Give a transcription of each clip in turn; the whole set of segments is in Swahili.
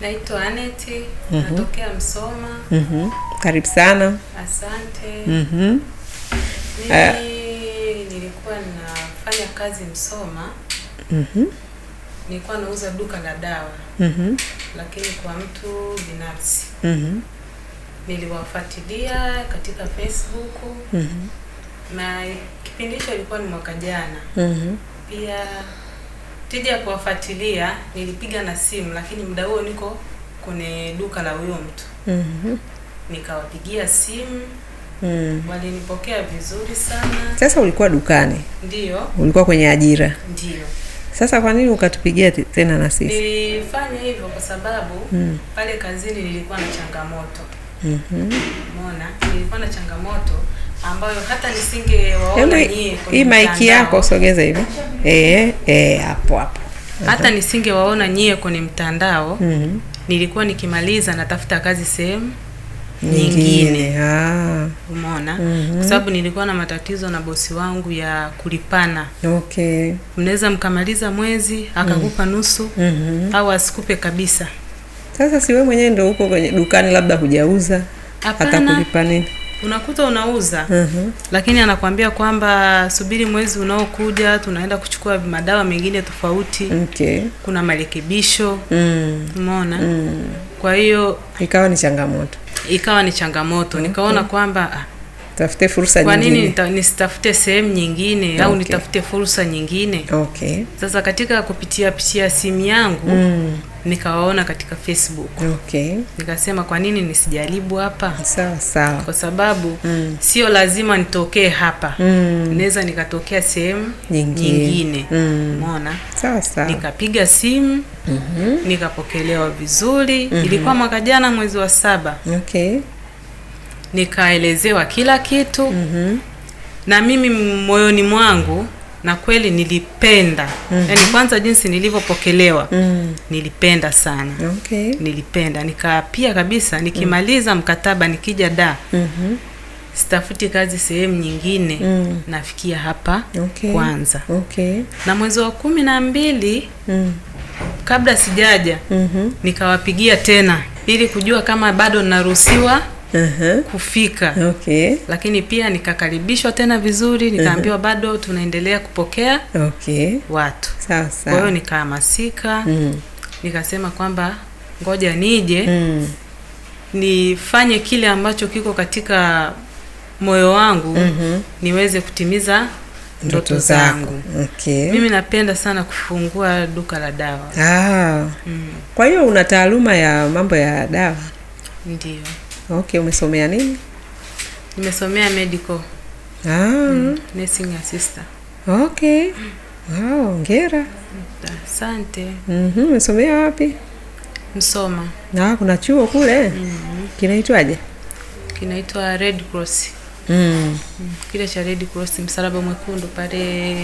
Naitwa Aneti mm -hmm. Natokea Msoma mm -hmm. Karibu sana. Asante mm -hmm. Mimi eh. nilikuwa nafanya kazi Msoma mm -hmm. Nilikuwa nauza duka la dawa mm -hmm. Lakini kwa mtu binafsi mm -hmm. Niliwafuatilia katika Facebook mm -hmm. Na kipindi hicho ilikuwa ni mwaka jana mm -hmm. Pia tija ya kuwafuatilia nilipiga na simu, lakini muda huo niko kwenye duka la huyo mtu mm -hmm. Nikawapigia simu mm. Walinipokea vizuri sana. Sasa ulikuwa dukani? ndio Ulikuwa kwenye ajira? ndio Sasa kwa nini ukatupigia tena na sisi? Nilifanya hivyo kwa sababu mm. pale kazini nilikuwa na changamoto mm -hmm. Mona, nilikuwa na changamoto ambayo hata nisingewaona nyie. Hii maiki yako usogeze hivi eh, eh, hapo hapo, hata nisingewaona nyie kwenye mtandao mm -hmm. Nilikuwa nikimaliza natafuta kazi sehemu nyingine ah. umeona, mm -hmm. Kwa sababu nilikuwa na matatizo na bosi wangu ya kulipana. Okay, mnaweza mkamaliza mwezi akakupa mhm. nusu mm -hmm. au asikupe kabisa. Sasa si wewe mwenyewe ndio uko kwenye dukani, labda hujauza, atakulipa nini? unakuta unauza mm-hmm. lakini anakwambia kwamba subiri mwezi unaokuja tunaenda kuchukua madawa mengine tofauti okay. kuna marekebisho mm. umeona mm. kwa hiyo ikawa ni changamoto ikawa ni changamoto okay. nikaona kwamba ah, tafute fursa kwa nyingine. Kwa nini nisitafute sehemu nyingine okay, au nitafute fursa nyingine? Okay. Sasa katika kupitia pitia simu yangu mm, nikawaona katika Facebook. Okay. Nikasema kwa nini nisijaribu hapa? Sawa sawa. Kwa sababu mm, sio lazima nitokee hapa. Mm. Naweza nikatokea sehemu nyingine. Mm. Umeona? Mm. Sawa sawa. Nikapiga simu, mm -hmm. nikapokelewa vizuri. Mm -hmm. Ilikuwa mwaka jana mwezi wa saba. Okay nikaelezewa kila kitu mm -hmm. na mimi moyoni mwangu na kweli nilipenda mm -hmm. Yani kwanza jinsi nilivyopokelewa mm -hmm. nilipenda sana okay. Nilipenda nikapia kabisa nikimaliza mm -hmm. mkataba nikija da mm -hmm. sitafuti kazi sehemu nyingine mm -hmm. nafikia hapa okay. Kwanza okay. na mwezi wa kumi na mbili mm -hmm. kabla sijaja mm -hmm. nikawapigia tena ili kujua kama bado naruhusiwa uh-huh. kufika okay. Lakini pia nikakaribishwa tena vizuri, nikaambiwa uh-huh. bado tunaendelea kupokea okay. watu. Kwa hiyo nikahamasika mm. nikasema kwamba ngoja nije mm. nifanye kile ambacho kiko katika moyo wangu mm-hmm. niweze kutimiza ndoto zangu. Okay. Mimi napenda sana kufungua duka la dawa. Ah. Mm. Kwa hiyo una taaluma ya mambo ya dawa? ndio Okay, umesomea nini? Nimesomea medical. Ah. Mm, nursing assistant. Okay. Wow, hongera. Asante. Mhm, umesomea wapi? Msoma. Na ah, kuna chuo kule? Mm. Kinaitwaje? Kinaitwa Red Cross. Mm. mm. Kile cha Red Cross msalaba mwekundu pale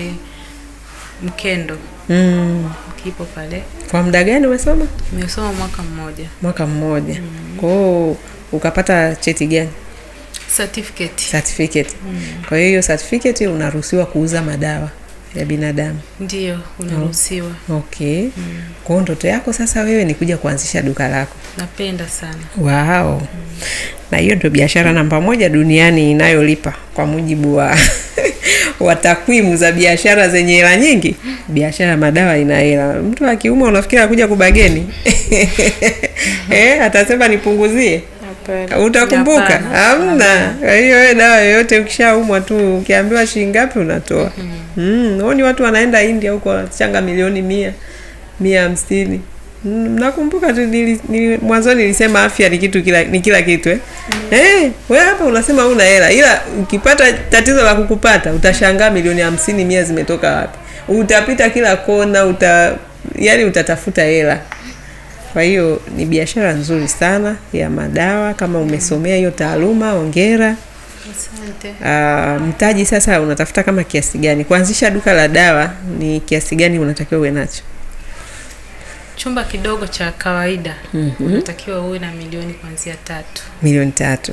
Mkendo mm. Kipo pale kwa muda gani umesoma? Nimesoma mwaka mmoja. Mwaka mmoja mm. Kwa hiyo ukapata cheti gani? Certificate. Certificate. Mm. Kwa hiyo hiyo certificate unaruhusiwa kuuza madawa ya binadamu ndio unaruhusiwa. Oh, okay. Mm. kwao ndoto yako sasa wewe ni kuja kuanzisha duka lako? Napenda sana. Wow. Mm. Na hiyo ndio biashara namba moja duniani inayolipa kwa mujibu wa wa takwimu za biashara zenye hela nyingi. Biashara madawa ina hela. Mtu akiumwa unafikiri akuja kubageni? Eh, atasema nipunguzie kweli. Utakumbuka? Hamna. Kwa hiyo wewe dawa yoyote ukishaumwa tu ukiambiwa shilingi ngapi unatoa. Mhm. Mm, mm. Ni watu wanaenda India huko changa milioni mia mia hamsini. Mm, nakumbuka tu nili, nili, mwanzo nilisema afya ni kitu kila ni kila kitu eh. Mm. Eh, wewe hapa unasema una hela ila ukipata tatizo la kukupata utashangaa milioni hamsini mia zimetoka wapi. Utapita kila kona uta yani utatafuta hela. Kwa hiyo ni biashara nzuri sana ya madawa. Kama umesomea hiyo taaluma, ongera. Uh, ah, mtaji sasa unatafuta kama kiasi gani? Kuanzisha duka la dawa ni kiasi gani unatakiwa uwe nacho? Chumba kidogo cha kawaida mm -hmm. Unatakiwa uwe na milioni kuanzia tatu. Milioni tatu.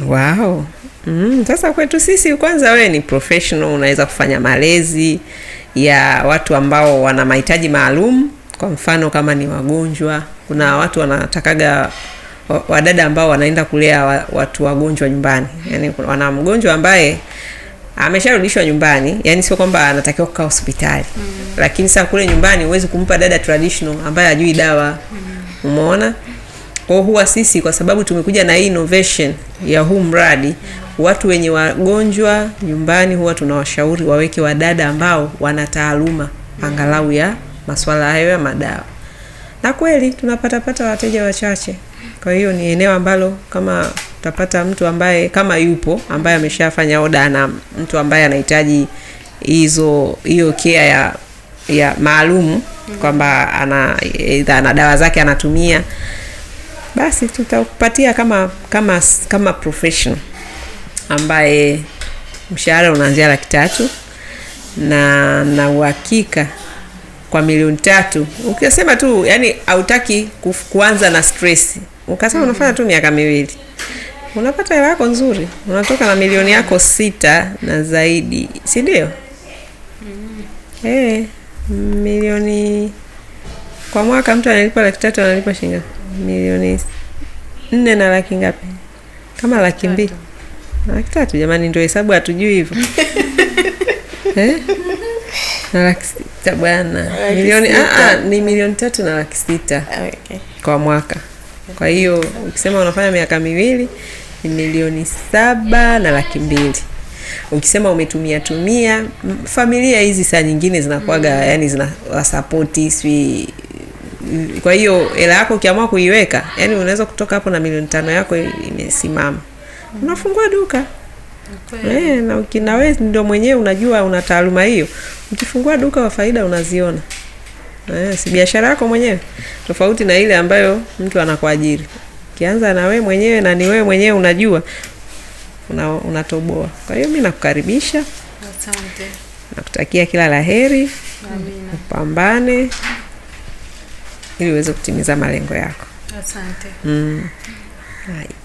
Mm. Wow. Mm, sasa kwetu sisi kwanza, wewe ni professional, unaweza kufanya malezi ya watu ambao wana mahitaji maalum, kwa mfano kama ni wagonjwa kuna watu wanatakaga wadada ambao wanaenda kulea watu wagonjwa nyumbani, yani wana mgonjwa ambaye amesharudishwa nyumbani, yani sio kwamba anatakiwa kukaa hospitali mm. -hmm. Lakini sasa kule nyumbani huwezi kumpa dada traditional ambaye ajui dawa mm. Umeona, kwa huwa sisi kwa sababu tumekuja na hii innovation ya huu mradi, watu wenye wagonjwa nyumbani huwa tunawashauri waweke wadada ambao wana taaluma angalau ya masuala hayo ya madawa na kweli tunapatapata wateja wachache. Kwa hiyo ni eneo ambalo kama utapata mtu ambaye kama yupo ambaye ameshafanya oda na mtu ambaye anahitaji hizo hiyo kea ya ya maalumu mm-hmm. kwamba ana aidha ana dawa zake anatumia, basi tutakupatia kama kama kama professional ambaye mshahara unaanzia laki tatu na na uhakika kwa milioni tatu, ukisema tu yani hautaki kuanza na stress, ukasema mm -hmm. unafanya tu miaka miwili unapata hela yako nzuri, unatoka na milioni yako sita na zaidi, si ndio? mm -hmm. E, milioni kwa mwaka mtu analipa laki tatu, analipa shinga milioni nne na laki ngapi? Kama laki mbili laki tatu. Jamani, ndio hesabu hatujui hivyo eh? na laki sita bwana, milioni ah, ah, ni milioni tatu na laki sita ah, okay, kwa mwaka. Kwa hiyo ukisema unafanya miaka miwili ni milioni saba na laki mbili ukisema umetumia tumia familia hizi saa nyingine zinakuaga mm. yani zinawasapoti swi kwa hiyo hela yako ukiamua kuiweka yani unaweza kutoka hapo na milioni tano yako imesimama, mm. unafungua duka e, na ukinawe ndio mwenyewe unajua una taaluma hiyo, ukifungua duka wa faida unaziona e, si biashara yako mwenyewe, tofauti na ile ambayo mtu anakuajiri. Ukianza na we mwenyewe na ni wewe mwenyewe unajua una, unatoboa. Kwa hiyo mi nakukaribisha, asante, nakutakia kila la heri, upambane ili uweze kutimiza malengo yako. Asante. Mm. Hai.